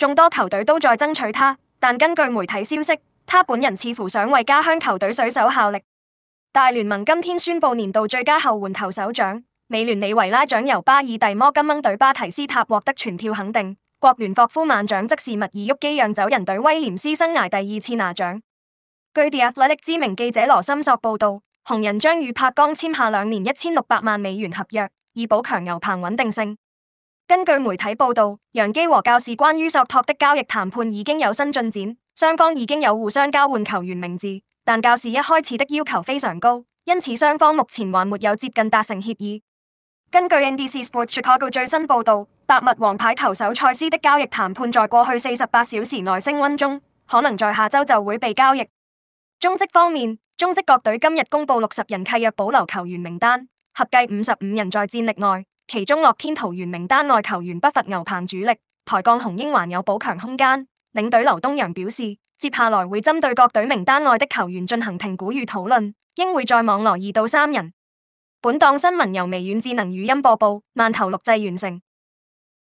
眾多球隊都在爭取他，但根據媒體消息，他本人似乎想為家鄉球隊水手效力。大聯盟今天宣布年度最佳後援投手獎，美聯里維拉獎由巴爾蒂摩金鶯隊巴提斯塔獲得全票肯定；國聯霍夫曼獎則是密爾沃基釀酒人隊威廉斯生涯第二次拿獎。據 The Athletic 知名記者羅森索報道，紅人將與帕岡簽下兩年一千六百萬美元合約，以補強牛棚穩定性。根據媒體報道，楊基和教士關於索托的交易談判已經有新進展，雙方已經有互相交換球員名字，但教士一開始的要求非常高，因此雙方目前還沒有接近達成協議。根據 NBC Sports Chicago 最新報道，白襪王牌投手賽斯的交易談判在過去四十八小時內升溫中，可能在下周就會被交易。中職方面，中職各隊今日公布六十人契約保留球員名單，合計五十五人在戰力內。其中樂天桃園名單外球員不乏牛棚主力，台鋼雄鷹還有補強空間。領隊劉東陽表示，接下來會針對各隊名單外的球員進行評估與討論，應會再網羅二到三人。本檔新聞由微軟智能語音播報，慢投錄製完成。